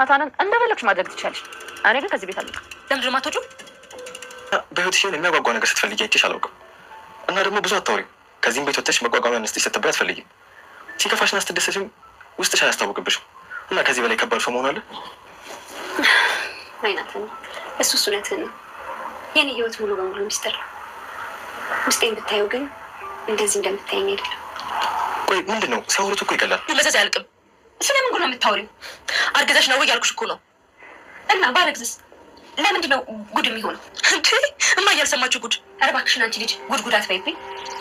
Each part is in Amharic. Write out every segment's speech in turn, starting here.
ናታንን እንደፈለግሽ ማድረግ ትችላለሽ። እኔ ግን ከዚህ ቤት አለ ለምድር በህይወት ሽን የሚያጓጓ ነገር ስትፈልጊ አይቼሽ አላውቅም። እና ደግሞ ብዙ አታውሪም። ከዚህም ቤት ወጥተሽ መጓጓሚያ ንስት ስትባይ አትፈልጊም። ሲከፋሽና ስትደሰሽም ውስጥሽ አያስታውቅብሽም። እና ከዚህ በላይ ከባድ ሰው መሆን አለ አይናትን እሱ እሱ ነው። የኔ ህይወት ሙሉ በሙሉ ሚስጥር ውስጤን ብታየው ግን እንደዚህ እንደምታየኝ አይደለም። ቆይ ምንድን ነው ሲያወሩት እኮ ይቀላል መዘዝ አያልቅም ስለምን ጉድ ነው የምታወሪው? አርግዘሽ ነው እያልኩሽ እኮ ነው። እና ባረግዝስ ለምንድን ነው ጉድ የሚሆነው? እማ እያልሰማችሁ ጉድ። ኧረ እባክሽን አንቺ ልጅ ጉድ ጉድ አትበይብኝ።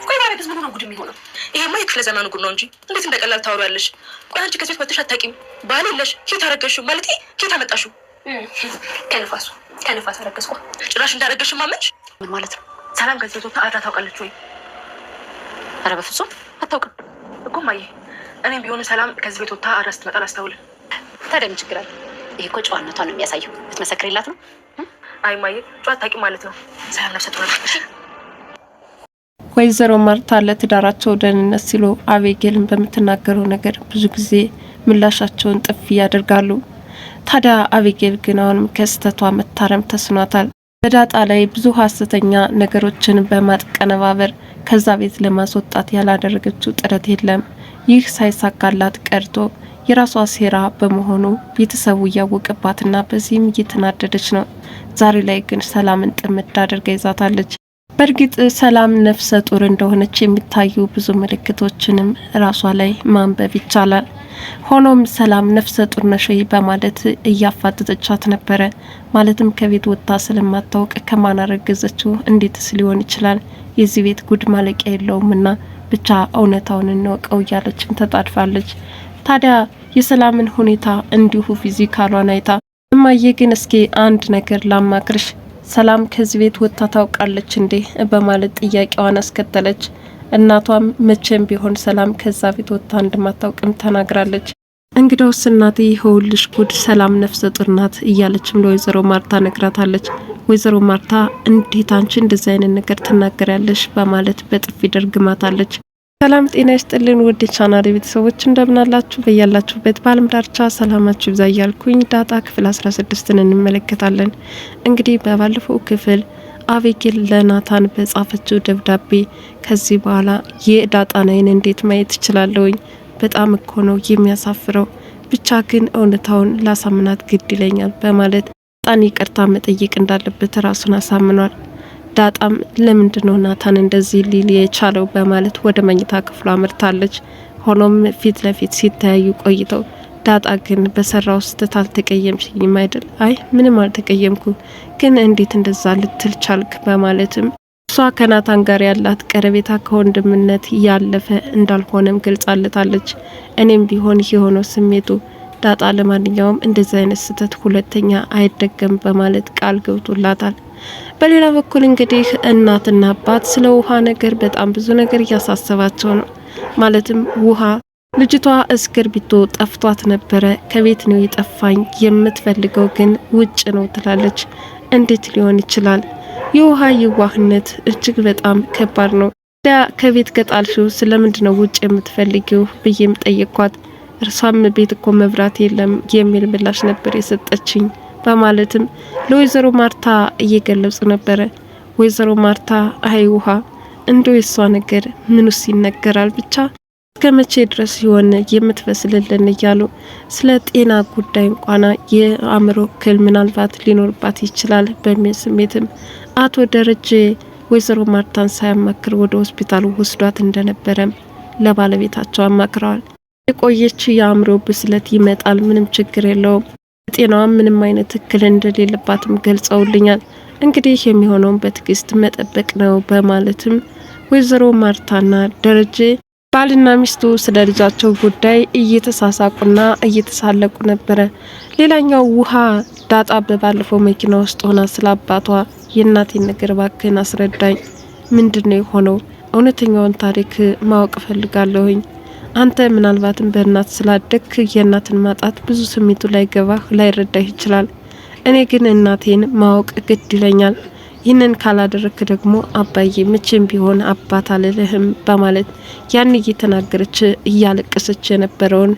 ቆይ ባረግዝ ምን ሆነ ጉድ የሚሆነው? ይሄማ የክፍለ ዘመኑ ጉድ ነው እንጂ እንዴት እንደቀላል ታወሪያለሽ። ቆይ አንቺ ከዚህ ቤት መተሽ አታውቂም። ባል የለሽ። ኬት አረገሽው? ማለት ኬት አመጣሽው? ከንፋሱ ከንፋስ አረገዝኳ። ጭራሽ እንዳረገሽ ማመንሽ ምን ማለት ነው? ሰላም ከዚህ ቤት አድራ ታውቃለች ወይ? ኧረ በፍጹም አታውቅም እኮ እማዬ እኔም ቢሆን ሰላም ከዚህ ቤት ወጥታ አዳስ ትመጣ አላስተውልም። ታዲያ ምን ችግር አለ? ይሄ እኮ ጨዋነቷን ነው የሚያሳየው። ብትመሰክርላት ነው። አይ ማየ ጨዋ አታውቂም ማለት ነው። ሰላም ነፍሰጡ ነበር። ወይዘሮ ማርታ ለትዳራቸው ደህንነት ሲሉ አቤጌልን በምትናገረው ነገር ብዙ ጊዜ ምላሻቸውን ጥፊ ያደርጋሉ። ታዲያ አቤጌል ግን አሁንም ከስህተቷ መታረም ተስኗታል። በዳጣ ላይ ብዙ ሀሰተኛ ነገሮችን በማቀነባበር ከዛ ቤት ለማስወጣት ያላደረገችው ጥረት የለም። ይህ ሳይሳካላት ቀርቶ የራሷ ሴራ በመሆኑ ቤተሰቡ እያወቀባትና በዚህም እየተናደደች ነው። ዛሬ ላይ ግን ሰላምን ጥምድ አድርጋ ይዛታለች። በእርግጥ ሰላም ነፍሰ ጡር እንደሆነች የሚታዩ ብዙ ምልክቶችንም ራሷ ላይ ማንበብ ይቻላል። ሆኖም ሰላም ነፍሰ ጡር ነሽ በማለት እያፋጠጠቻት ነበረ። ማለትም ከቤት ወጥታ ስለማታወቅ ከማን አረገዘችው? እንዴትስ ሊሆን ይችላል? የዚህ ቤት ጉድ ማለቂያ የለውምና ብቻ እውነታውን እንወቀው እያለችም ተጣድፋለች። ታዲያ የሰላምን ሁኔታ እንዲሁ ፊዚካሏን አይታ እማዬ ግን እስኪ አንድ ነገር ላማክርሽ፣ ሰላም ከዚህ ቤት ወጥታ ታውቃለች እንዴ? በማለት ጥያቄዋን አስከተለች። እናቷም መቼም ቢሆን ሰላም ከዛ ቤት ወጥታ እንደማታውቅም ተናግራለች። እንግዳውስ እናቴ ይኸውልሽ ጉድ ሰላም ነፍሰ ጡር ናት እያለችም ለወይዘሮ ማርታ ነግራታለች። ወይዘሮ ማርታ እንዴት አንቺ እንደዚህ አይነት ነገር ትናገሪያለሽ? በማለት በጥፊ ደርግማታለች። ሰላም ጤና ይስጥልን ውድ የቻናሌ ቤተሰቦች እንደምናላችሁ በያላችሁበት በዓለም ዳርቻ ሰላማችሁ ይብዛ እያልኩኝ ዳጣ ክፍል 16ን እንመለከታለን። እንግዲህ በባለፈው ክፍል አቤጌል ለናታን በጻፈችው ደብዳቤ ከዚህ በኋላ የዳጣን አይን እንዴት ማየት እችላለሁኝ በጣም እኮ ነው የሚያሳፍረው። ብቻ ግን እውነታውን ላሳምናት ግድ ይለኛል በማለት ዳጣን ይቅርታ መጠየቅ እንዳለበት ራሱን አሳምኗል። ዳጣም ለምንድን ነው ናታን እንደዚህ ሊል የቻለው በማለት ወደ መኝታ ክፍሉ አምርታለች። ሆኖም ፊት ለፊት ሲተያዩ ቆይተው ዳጣ ግን በሰራው ስህተት አልተቀየምሽኝም አይደል? አይ ምንም አልተቀየምኩ፣ ግን እንዴት እንደዛ ልትል ቻልክ? በማለትም እሷ ከናታን ጋር ያላት ቀረቤታ ከወንድምነት ያለፈ እንዳልሆነም ገልጻለታለች። እኔም ቢሆን የሆነው ስሜቱ ዳጣ ለማንኛውም እንደዚህ አይነት ስህተት ሁለተኛ አይደገም በማለት ቃል ገብቶላታል። በሌላ በኩል እንግዲህ እናትና አባት ስለ ውሃ ነገር በጣም ብዙ ነገር እያሳሰባቸው ነው። ማለትም ውሃ ልጅቷ እስክርቢቶ ጠፍቷት ነበረ፣ ከቤት ነው የጠፋኝ፣ የምትፈልገው ግን ውጭ ነው ትላለች። እንዴት ሊሆን ይችላል? የውሃ የዋህነት እጅግ በጣም ከባድ ነው። ዳ ከቤት ከጣልሽው ስለምንድነው ውጭ የምትፈልጊው ብዬም ጠየኳት። እርሷም ቤት እኮ መብራት የለም የሚል ምላሽ ነበር የሰጠችኝ በማለትም ለወይዘሮ ማርታ እየገለጹ ነበረ። ወይዘሮ ማርታ አይ ውሃ እንደ የሷ ነገር ምንስ ይነገራል ብቻ እስከ መቼ ድረስ ሲሆን የምትበስልልን እያሉ ስለ ጤና ጉዳይ እንኳን የአእምሮ እክል ምናልባት ሊኖርባት ይችላል በሚል ስሜትም አቶ ደረጀ ወይዘሮ ማርታን ሳያማክር ወደ ሆስፒታሉ ወስዷት እንደነበረም ለባለቤታቸው አማክረዋል። የቆየች የአእምሮ ብስለት ይመጣል፣ ምንም ችግር የለውም፣ ጤናዋ ምንም አይነት እክል እንደሌለባትም ገልጸውልኛል። እንግዲህ የሚሆነውን በትዕግስት መጠበቅ ነው በማለትም ወይዘሮ ማርታና ደረጀ ባልና ሚስቱ ስለ ልጃቸው ጉዳይ እየተሳሳቁና እየተሳለቁ ነበረ። ሌላኛው ውሃ ዳጣ በባለፈው መኪና ውስጥ ሆና ስለ አባቷ የእናቴን ነገር ባክህን አስረዳኝ። ምንድን ነው የሆነው? እውነተኛውን ታሪክ ማወቅ እፈልጋለሁኝ። አንተ ምናልባትም በእናት ስላደግክ የእናትን ማጣት ብዙ ስሜቱ ላይ ላይገባህ ላይረዳህ ይችላል። እኔ ግን እናቴን ማወቅ ግድ ይለኛል። ይህንን ካላደረክ ደግሞ አባዬ መቼም ቢሆን አባት አልልህም በማለት ያን እየተናገረች እያለቀሰች የነበረውን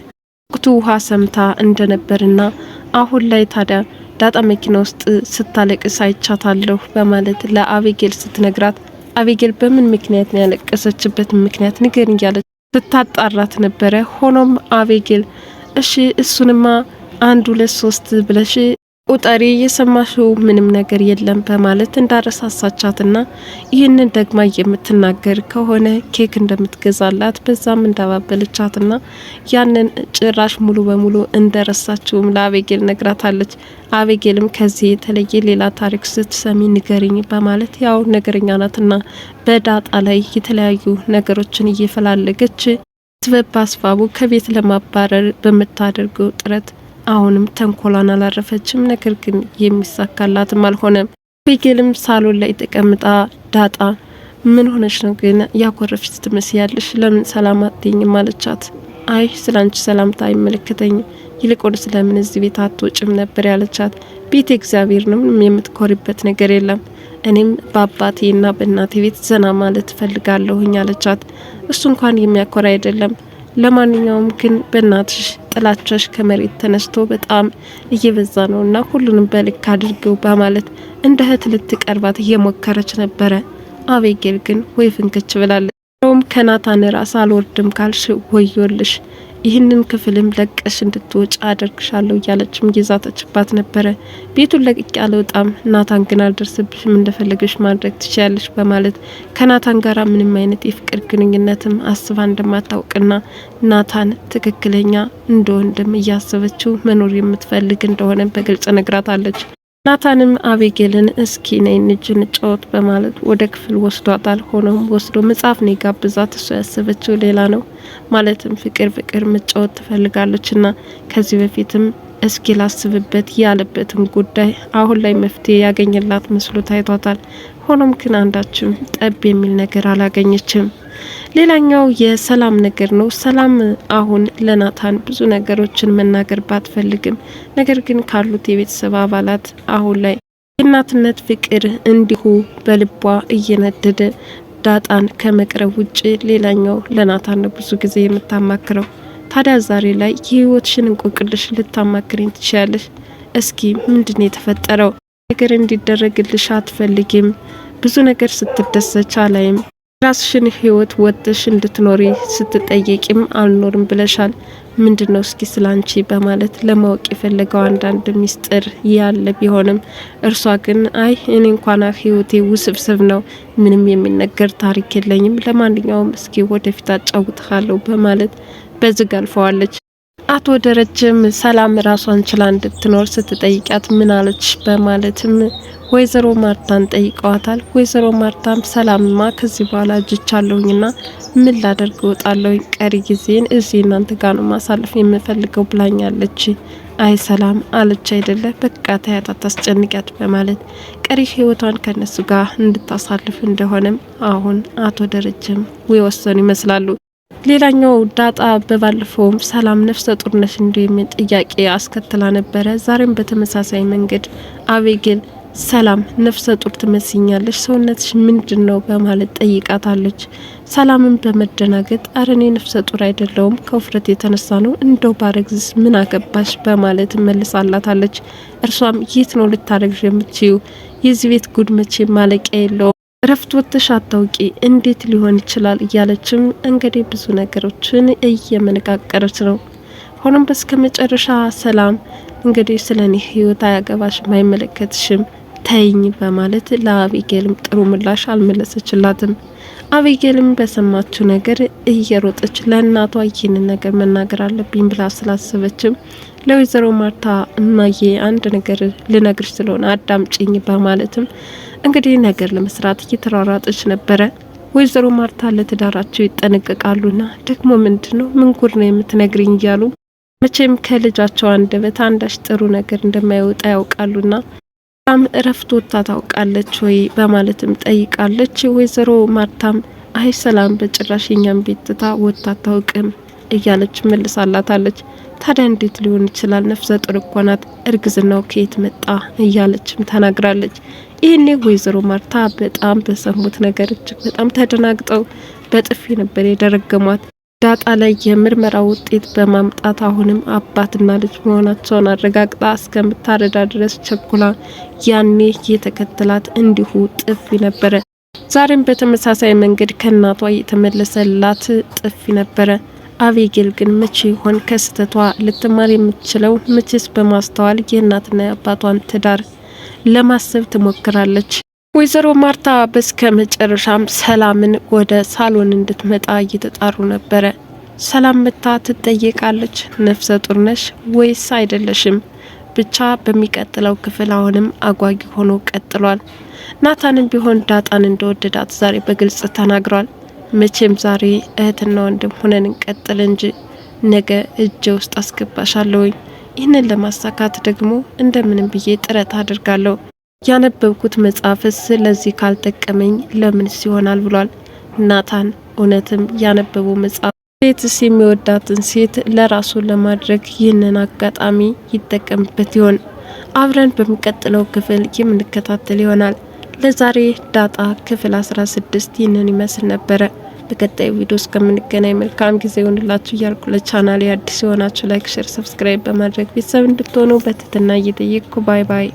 ወቅቱ ውሃ ሰምታ እንደነበርና አሁን ላይ ታዲያ ዳጣ መኪና ውስጥ ስታለቅስ አይቻታለሁ በማለት ለአቤጌል ስትነግራት አቤጌል በምን ምክንያት ነው ያለቀሰችበት ምክንያት ንገር እያለች ስታጣራት ነበረ። ሆኖም አቤጌል እሺ እሱንማ አንድ ሁለት ሶስት ብለሽ ቁጠሪ የሰማሽው ምንም ነገር የለም በማለት እንዳረሳሳቻትና ይህንን ደግማ የምትናገር ከሆነ ኬክ እንደምትገዛላት በዛም እንዳባበለቻትና ያንን ጭራሽ ሙሉ በሙሉ እንደረሳችውም ለአቤጌል ነግራታለች። አቤጌልም ከዚህ የተለየ ሌላ ታሪክ ስትሰሚ ንገርኝ በማለት ያው ነገረኛ ናትና በዳጣ ላይ የተለያዩ ነገሮችን እየፈላለገች ስበብ አስፋቡ ከቤት ለማባረር በምታደርገው ጥረት አሁንም ተንኮሏን አላረፈችም። ነገር ግን የሚሳካላትም አልሆነም። ቤጌልም ሳሎን ላይ ተቀምጣ ዳጣ ምን ሆነች ነው ግን ያኮረፍሽ ትመስያለሽ፣ ለምን ሰላም አትይኝም አለቻት። አይ ስላንቺ አንቺ ሰላምታ አይመለከተኝም፣ ይልቁን ስለምን እዚህ ቤት አትወጭም ነበር ያለቻት። ቤት እግዚአብሔር ነው፣ ምንም የምትኮሪበት ነገር የለም። እኔም በአባቴና በእናቴ ቤት ዘና ማለት እፈልጋለሁኝ አለቻት። እሱ እንኳን የሚያኮራ አይደለም። ለማንኛውም ግን በእናትሽ ጥላቻሽ ከመሬት ተነስቶ በጣም እየበዛ ነው እና ሁሉንም በልክ አድርገው በማለት እንደ እህት ልትቀርባት እየሞከረች ነበረ። አቤጌል ግን ወይ ፍንክች ብላለች። ሮም ከናታን ራስ አልወርድም ካልሽ ወዮልሽ ይህንን ክፍልም ለቀሽ እንድትወጭ አደርግሻለሁ እያለችም እየዛተችባት ነበረ። ቤቱን ለቅቄ አልወጣም፣ ናታን ግን አልደርስብሽም፣ እንደፈለገሽ ማድረግ ትችያለሽ በማለት ከናታን ጋር ምንም አይነት የፍቅር ግንኙነትም አስባ እንደማታውቅና ናታን ትክክለኛ እንደወንድም እያሰበችው መኖር የምትፈልግ እንደሆነ በግልጽ ነግራታለች። ናታንም አቤጌልን እስኪ ነይ እንጂ እንጫወት በማለት ወደ ክፍል ወስዷታል። ሆኖም ወስዶ መጽሐፍ ነው የጋብዛት። እሷ ያሰበችው ሌላ ነው። ማለትም ፍቅር ፍቅር መጫወት ትፈልጋለች ና ከዚህ በፊትም እስኪ ላስብበት ያለበትም ጉዳይ አሁን ላይ መፍትሄ ያገኝላት መስሎ ታይቷታል። ሆኖም ግን አንዳችም ጠብ የሚል ነገር አላገኘችም። ሌላኛው የሰላም ነገር ነው። ሰላም አሁን ለናታን ብዙ ነገሮችን መናገር ባትፈልግም፣ ነገር ግን ካሉት የቤተሰብ አባላት አሁን ላይ የእናትነት ፍቅር እንዲሁ በልቧ እየነደደ ዳጣን ከመቅረብ ውጭ ሌላኛው ለናታን ብዙ ጊዜ የምታማክረው። ታዲያ ዛሬ ላይ የህይወትሽን እንቆቅልሽ ልታማክሪኝ ትችላለሽ። እስኪ ምንድን የተፈጠረው ነገር እንዲደረግልሽ አትፈልጊም? ብዙ ነገር ስትደሰች አላይም ራስሽን ህይወት ወጥሽ እንድትኖሪ ስትጠየቂም አልኖርም ብለሻል። ምንድን ነው እስኪ ስላንቺ በማለት ለማወቅ የፈለገው አንዳንድ ሚስጥር ያለ ቢሆንም እርሷ ግን አይ እኔ እንኳን ህይወቴ ውስብስብ ነው፣ ምንም የሚነገር ታሪክ የለኝም። ለማንኛውም እስኪ ወደፊት አጫውትሃለሁ በማለት በዝግ አልፈዋለች። አቶ ደረጀም ሰላም ራሷን ችላ እንድትኖር ስትጠይቃት ምን አለች በማለትም ወይዘሮ ማርታን ጠይቀዋታል። ወይዘሮ ማርታም ሰላምማ ከዚህ በኋላ እጅቻለሁኝና ምን ላደርግ እወጣለሁ፣ ቀሪ ጊዜን እዚህ እናንተ ጋር ነው ማሳለፍ የምፈልገው ብላኛለች። አይ ሰላም አለች አይደለ፣ በቃ ተያት፣ አታስጨንቂያት በማለት ቀሪ ህይወቷን ከነሱ ጋር እንድታሳልፍ እንደሆነም አሁን አቶ ደረጀም ወሰኑ ይመስላሉ። ሌላኛው ዳጣ በባለፈውም ሰላም ነፍሰ ጡርነት እንዲ የሚል ጥያቄ አስከትላ ነበረ። ዛሬም በተመሳሳይ መንገድ አቤጌል ሰላም ነፍሰ ጡር ትመስኛለች፣ ሰውነትሽ ምንድን ነው በማለት ጠይቃታለች። ሰላምን በመደናገጥ አረኔ ነፍሰ ጡር አይደለውም ከውፍረት የተነሳ ነው እንደው ባረግዝስ ምን አገባሽ በማለት መልሳላታለች። እርሷም የት ነው ልታረግዥ የምትችይው? የዚህ ቤት ጉድ መቼ ማለቂያ የለውም እረፍት ወጥተሽ አታውቂ እንዴት ሊሆን ይችላል እያለችም እንግዲህ ብዙ ነገሮችን እየመነቃቀረች ነው። ሆኖም በስከ መጨረሻ ሰላም እንግዲህ ስለ እኔ ህይወት አያገባሽም፣ አይመለከትሽም ተይኝ በማለት ለአቢጌልም ጥሩ ምላሽ አልመለሰችላትም። አቢጌልም በሰማችው ነገር እየሮጠች ለእናቷ ይህንን ነገር መናገር አለብኝ ብላ ስላሰበችም ለወይዘሮ ማርታ እማዬ አንድ ነገር ልነግርሽ ስለሆነ አዳምጪኝ በማለትም እንግዲህ ነገር ለመስራት እየተሯሯጠች ነበረ። ወይዘሮ ማርታ ለትዳራቸው ይጠነቀቃሉና ደግሞ ምንድን ነው ምንጉር ነው የምትነግርኝ እያሉ መቼም ከልጃቸው አንደበት አንዳች ጥሩ ነገር እንደማይወጣ ያውቃሉና በጣም እረፍት ወጥታ ታውቃለች ወይ በማለትም ጠይቃለች። ወይዘሮ ማርታም አይ ሰላም በጭራሽ የኛም ቤት ወጥታ አታውቅም እያለች መልሳላታለች። ታዲያ እንዴት ሊሆን ይችላል? ነፍሰ ጡር እኮ ናት፣ እርግዝናው ከየት መጣ እያለችም ተናግራለች። ይህኔ ወይዘሮ ማርታ በጣም በሰሙት ነገር እጅግ በጣም ተደናግጠው በጥፊ ነበር የደረገሟት። ዳጣ ላይ የምርመራ ውጤት በማምጣት አሁንም አባትና ልጅ መሆናቸውን አረጋግጣ እስከምታረዳ ድረስ ቸኩላ ያኔ የተከተላት እንዲሁ ጥፊ ነበረ። ዛሬም በተመሳሳይ መንገድ ከእናቷ የተመለሰላት ጥፊ ነበረ። አቤጌል ግን መቼ ይሆን ከስህተቷ ልትማር የምትችለው? መቼስ በማስተዋል የእናትና የአባቷን ትዳር ለማሰብ ትሞክራለች። ወይዘሮ ማርታ በስከ መጨረሻም ሰላምን ወደ ሳሎን እንድትመጣ እየተጣሩ ነበረ። ሰላም መታ ትጠየቃለች። ነፍሰ ጡር ነሽ ወይስ አይደለሽም? ብቻ በሚቀጥለው ክፍል አሁንም አጓጊ ሆኖ ቀጥሏል። ናታንም ቢሆን ዳጣን እንደወደዳት ዛሬ በግልጽ ተናግሯል። መቼም ዛሬ እህትና ወንድም ሆነን እንቀጥል እንጂ ነገ እጄ ውስጥ አስገባሻለሁኝ። ይህንን ለማሳካት ደግሞ እንደምንም ብዬ ጥረት አድርጋለሁ። ያነበብኩት መጽሐፍስ ለዚህ ካልጠቀመኝ ለምንስ ይሆናል ብሏል ናታን። እውነትም ያነበበው መጽሐፍ ሴትስ የሚወዳትን ሴት ለራሱ ለማድረግ ይህንን አጋጣሚ ይጠቀምበት ይሆን? አብረን በሚቀጥለው ክፍል የምንከታተል ይሆናል። ለዛሬ ዳጣ ክፍል 16 ይህንን ይመስል ነበረ። በቀጣይ ቪዲዮ እስከምንገናኝ መልካም ጊዜ ይሆንላችሁ እያልኩ ለቻናሌ አዲስ የሆናችሁ ላይክ፣ ሼር፣ ሰብስክራይብ በማድረግ ቤተሰብ እንድትሆኑ በትህትና እየጠየቅኩ ባይ ባይ።